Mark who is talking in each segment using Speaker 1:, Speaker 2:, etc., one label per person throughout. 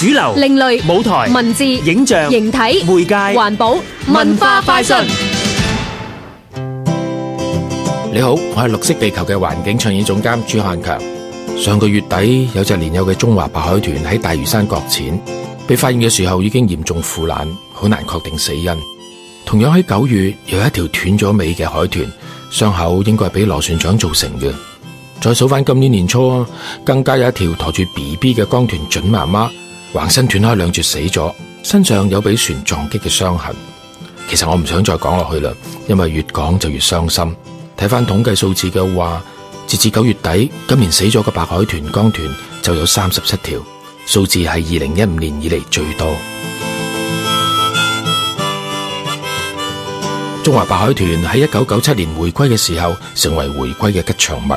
Speaker 1: 主流、另類舞台、文字、影像、形體、媒介、環保、文化、快訊。你好，我係綠色地球嘅環境倡議總監朱漢強。上個月底有隻年幼嘅中華白海豚喺大嶼山擱淺，被發現嘅時候已經嚴重腐爛，好難確定死因。同樣喺九月，有一條斷咗尾嘅海豚，傷口應該係俾螺旋槳造成嘅。再數翻今年年初，更加有一條馱住 BB 嘅江豚準媽媽。橫身斷開兩截死咗，身上有俾船撞擊嘅傷痕。其實我唔想再講落去啦，因為越講就越傷心。睇翻統計數字嘅話，截至九月底，今年死咗嘅白海豚江豚就有三十七條，數字係二零一五年以嚟最多。中華白海豚喺一九九七年回歸嘅時候，成為回歸嘅吉祥物，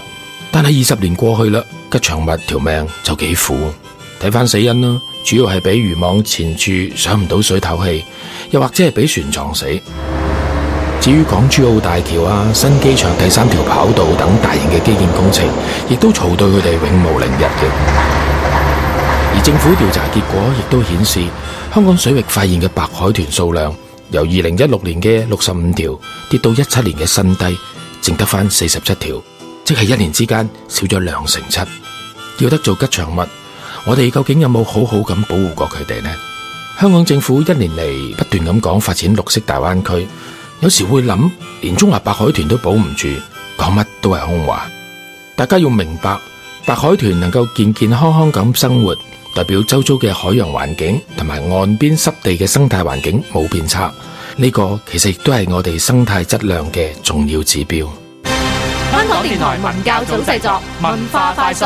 Speaker 1: 但係二十年過去啦，吉祥物條命就幾苦。睇翻死因啦，主要係俾漁網纏住，上唔到水唞氣，又或者係俾船撞死。至於港珠澳大橋啊、新機場第三條跑道等大型嘅基建工程，亦都吵到佢哋永無寧日嘅。而政府調查結果亦都顯示，香港水域發現嘅白海豚數量由二零一六年嘅六十五條跌到一七年嘅新低，剩得翻四十七條，即係一年之間少咗兩成七。要得做吉祥物？我哋究竟有冇好好咁保護過佢哋呢？香港政府一年嚟，不斷咁講發展綠色大灣區，有時會諗，連中華白海豚都保唔住，講乜都係空話。大家要明白，白海豚能夠健健康康咁生活，代表周遭嘅海洋環境同埋岸邊濕地嘅生態環境冇變差，呢個其實亦都係我哋生態質量嘅重要指標。香港電台文教組製作，文化快訊。